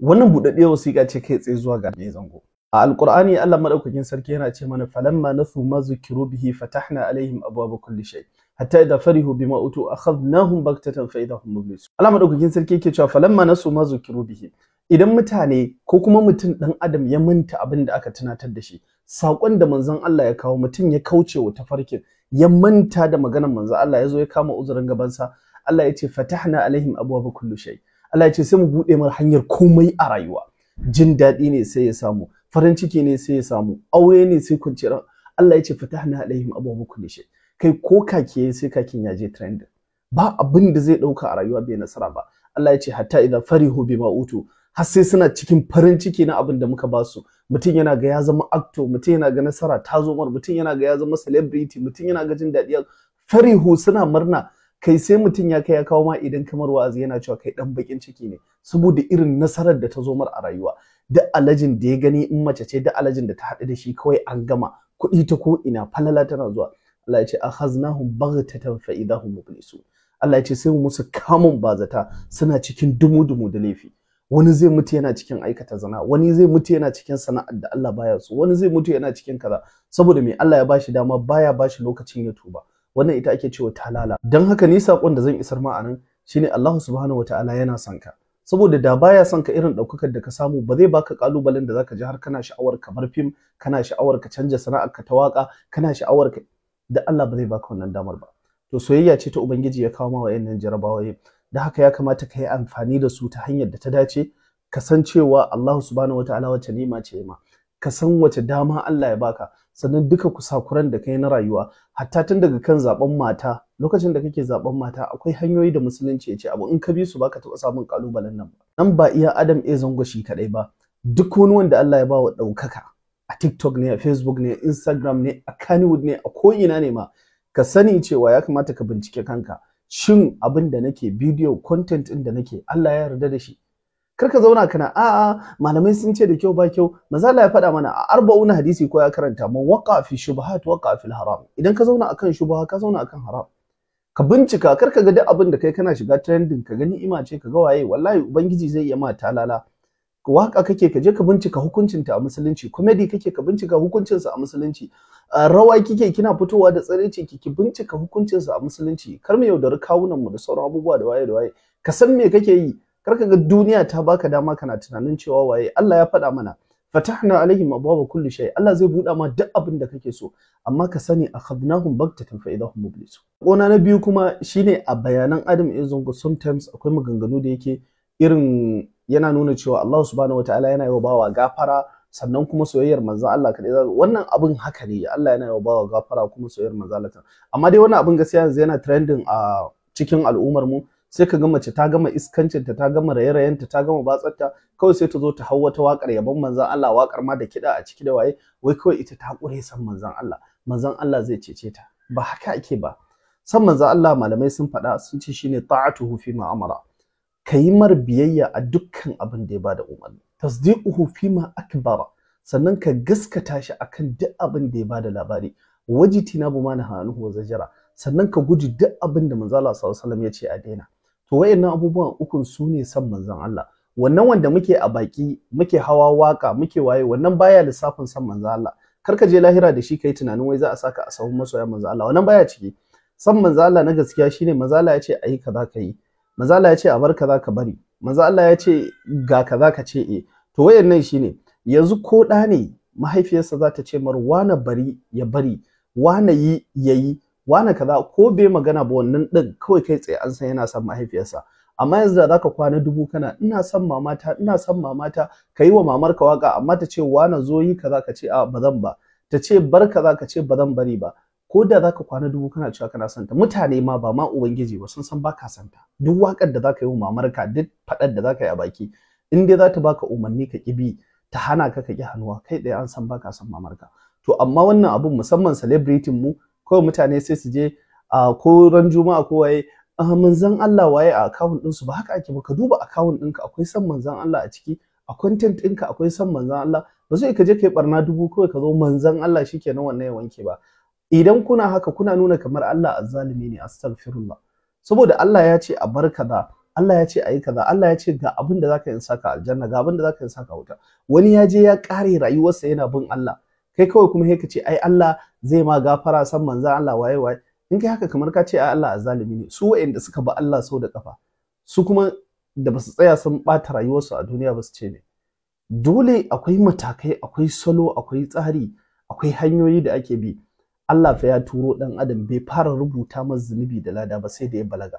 wannan buɗaɗɗiyar wasiƙa ce kai tsaye zuwa ga mai zango a alƙur'ani Allah madaukakin sarki yana ce mana falamma nasu ma zukiru bihi fatahna alaihim abwaaba kulli shay hatta idza farihu bima utu akhadnahum baghtatan fa idahum mublisun Allah madaukakin sarki yake cewa falamma nasu ma bihi idan mutane ko kuma mutum dan adam ya manta abin da aka tunatar da shi saƙon da manzon Allah ya kawo mutum ya kauce wa tafarkin ya manta da maganar manzon Allah ya zo ya kama uzurin gabansa Allah ya ce fatahna alaihim abwaaba kulli shay Allah ya ce sai mu buɗe mar hanyar komai a rayuwa jin daɗi ne sai ya samu farin ciki ne sai ya samu aure ne sai kwanciyar Allah ya ce fatahna alaihim abubu kulli kai ko kake sai kakin ya je trend ba abin da zai ɗauka a rayuwa bai nasara ba Allah ya ce hatta idan farihu bima utu har sai suna cikin farin ciki na abin da muka ba su mutum yana ga ya zama actor mutum yana ga nasara ta mar mutum yana ga ya zama celebrity mutum yana ga jin daɗi farihu suna murna kai sai mutum ya kai ya kawo ma idan kamar wa'azi yana cewa kai dan bakin ciki ne saboda irin nasarar da ta zo mar a rayuwa duk alajin da ya gani in mace ce duk alajin da ta haɗu da shi kawai an gama kuɗi ta ko ina falala tana zuwa Allah ya ce akhaznahum baghtatan fa idahum mublisun Allah ya ce sai mu musu kamun bazata suna cikin dumu-dumu da laifi wani zai mutu yana cikin aikata zina wani zai mutu yana cikin sana'ar da Allah baya so wani zai mutu yana cikin kaza saboda me Allah ya bashi dama baya bashi lokacin ya tuba wannan ita ake cewa talala don haka ni sakon da zan isar ma anan shine Allah subhanahu wataala yana son ka saboda da baya son ka irin daukakar da ka samu ba zai baka kalubalen da zaka ji har kana sha'awar ka bar fim kana sha'awar ka canja sana'ar ka ta waka kana sha'awar ka da Allah ba zai baka wannan damar ba to soyayya ce ta ubangiji ya kawo ma wayannan jarabawaye da haka ya kamata ka yi amfani da su ta hanyar da ta dace kasancewa Allah subhanahu wataala wace ni'ima ce ma ka san wace dama Allah ya baka sannan duka kusakuran da kai na rayuwa hatta tun daga kan zaben mata lokacin da kake zaben mata akwai hanyoyi da musulunci ya ce abu in ka bi su baka taɓa samun kalubalen nan ba nan ba iya Adam e zango shi kaɗai ba duk wani wanda Allah ya ba wa ɗaukaka a TikTok ne a Facebook ne a Instagram ne a Kannywood ne a ko'ina ne ma ka sani cewa ya kamata ka bincike kanka shin abin da nake bidiyo content ɗin da nake Allah ya yarda da shi kar ka zauna kana a'a malamai sun ce da kyau ba kyau mazala ya faɗa mana a arba'una hadisi ko ya karanta man waqa fi shubahat waqa fil haram idan ka zauna akan shubha ka zauna akan haram ka bincika kar ka ga duk abin da kai kana shiga trending ka gani ima ce ka ga waye wallahi ubangiji zai iya ma talala waka kake ka je ka bincika hukuncinta a musulunci comedy kake ka bincika hukuncinsa a musulunci rawa kike kina fitowa da ce ki bincika hukuncinsa a musulunci kar mu yaudari kawunan mu da sauran abubuwa da waye da waye ka san me kake yi karka ga duniya ta baka dama kana tunanin cewa waye Allah ya faɗa mana fatahna alaihim abwaba kulli shay Allah zai buɗa ma duk abin da kake so amma ka sani akhadnahum baghtatan fa idahum mublisun kona na biyu kuma shine a bayanan Adam in Zungu sometimes akwai maganganu da yake irin yana nuna cewa Allah subhanahu wataala yana yawa bawa gafara sannan kuma soyayyar manzon Allah kadai zaka wannan abin haka ne Allah yana yawa bawa gafara kuma soyayyar manzon Allah amma dai wannan abin gaskiya yanzu yana trending a cikin al'ummar mu sai ka ga mace ta gama iskancinta ta gama raye-rayenta ta gama batsarta kawai sai ta zo ta hau wata waƙar yabon manzon Allah waƙar ma da kiɗa a ciki da waye wai kawai ita ta ƙure san manzan Allah manzan Allah zai cece ta ba haka ake ba san manzan Allah malamai sun faɗa sun ce shine ta'atuhu fi ma amara kayi mar biyayya a dukkan abin da ya bada umarni tasdiquhu fi ma akbara sannan ka gaskata shi akan duk abin da ya bada labari wajitina bu mana hanu wa zajara sannan ka guji duk abin da manzala Allah sallallahu alaihi wasallam ya ce a daina to wayannan abubuwan ukun su ne san manzon Allah wannan wanda muke a baki muke hawa waka muke waye wannan baya lissafin san manzon Allah kar ka je lahira da shi kai tunanin wai za a saka a sahun masoya manzon Allah wannan baya ciki san manzon Allah na gaskiya shine manzon Allah ya ce ayi kaza ka yi manzon Allah ya ce a bar kaza ka bari manzon Allah ya ce ga kaza ka ce eh to wayannan shine yanzu ko da ne mahaifiyarsa za ta ce mar wane bari ya bari wane yi yayi wane kaza ko bai magana ba wannan ɗin, kawai kai tsaye an san yana son mahaifiyarsa amma yanzu da zaka kwana dubu kana ina son mamata ina son mamata ka yi wa mamarka waka amma ta ce wane zo yi kaza ka ce a ba zan ba ta ce bar kaza ka ce ba zan bari ba ko da zaka kwana dubu kana cewa kana santa mutane ma ba ma ubangiji ba sun san baka ta. duk wakar da zaka yi wa mamarka duk faɗar da zaka yi a baki in dai za ta baka umarni ka bi ta hana ka ka ki hannuwa kai ɗaya an san baka san mamarka to amma wannan abun musamman celebrity mu kawai mutane sai su je a ko ran juma'a ko waye manzan Allah waye a akawun ɗinsu ba haka ake ba ka duba akawun ɗinka akwai san manzan Allah a ciki a content ɗinka akwai san manzan Allah ba zai ka je kai barna dubu kawai ka zo manzan Allah shikenan wannan ya wanke ba idan kuna haka kuna nuna kamar Allah azzalimi ne astaghfirullah saboda Allah ya ce a bar kaza Allah ya ce a kaza Allah ya ce ga abin da zaka yi saka aljanna ga abin da zaka yi saka wuta wani ya je ya kare rayuwarsa yana bin Allah kai kawai kuma ka ce ai Allah zai ma gafara san manzan Allah waye waye in kai haka kamar ka ce ai Allah azzalimi ne su waɗanda suka ba Allah sau da kafa su kuma da basu tsaya sun ɓata rayuwarsu a duniya ba su ce ne dole akwai matakai akwai salo akwai tsari akwai hanyoyi da ake bi Allah fa ya turo dan adam bai fara rubuta masa zunubi da lada ba sai da ya balaga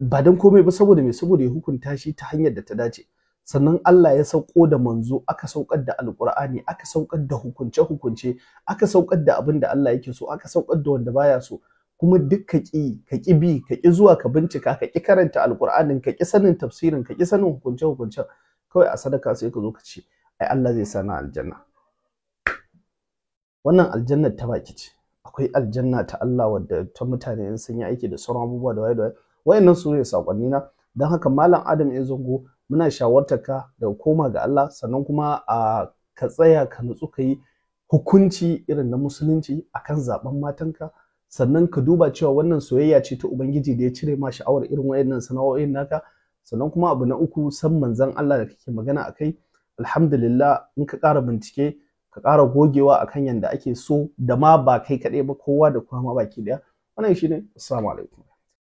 ba dan komai ba saboda me saboda ya hukunta shi ta hanyar da ta dace sannan Allah ya sauko da manzo aka saukar da alkur'ani aka saukar da hukunce hukunce aka saukar da abin da Allah yake so aka saukar da wanda baya so kuma duk ka ki ka ki bi ka ki zuwa ka bincika ka ki karanta alkur'anin ka ki sanin tafsirin ka ki sanin hukunce hukunce kawai a sadaka sai ka zo ka ce ai Allah zai sana aljanna wannan aljanna ta baki ce akwai aljanna ta Allah wadda ta mutane sun yi aiki da sauran abubuwa da waye da waye wayannan su ne sakonni na dan haka malam Adam ya zango muna ka da koma ga Allah sannan kuma a ka tsaya ka nutsu ka yi hukunci irin na musulunci akan zaben matanka sannan ka duba cewa wannan soyayya ce ta ubangiji da ya cire ma sha'awar irin wayannan sana'o'in naka sannan kuma abu na uku san manzon Allah da kake magana akai alhamdulillah in ka ƙara bincike ka ƙara gogewa akan yanda ake so da ma ba kai kaɗai ba kowa da kowa ma baki ɗaya wannan shine assalamu alaikum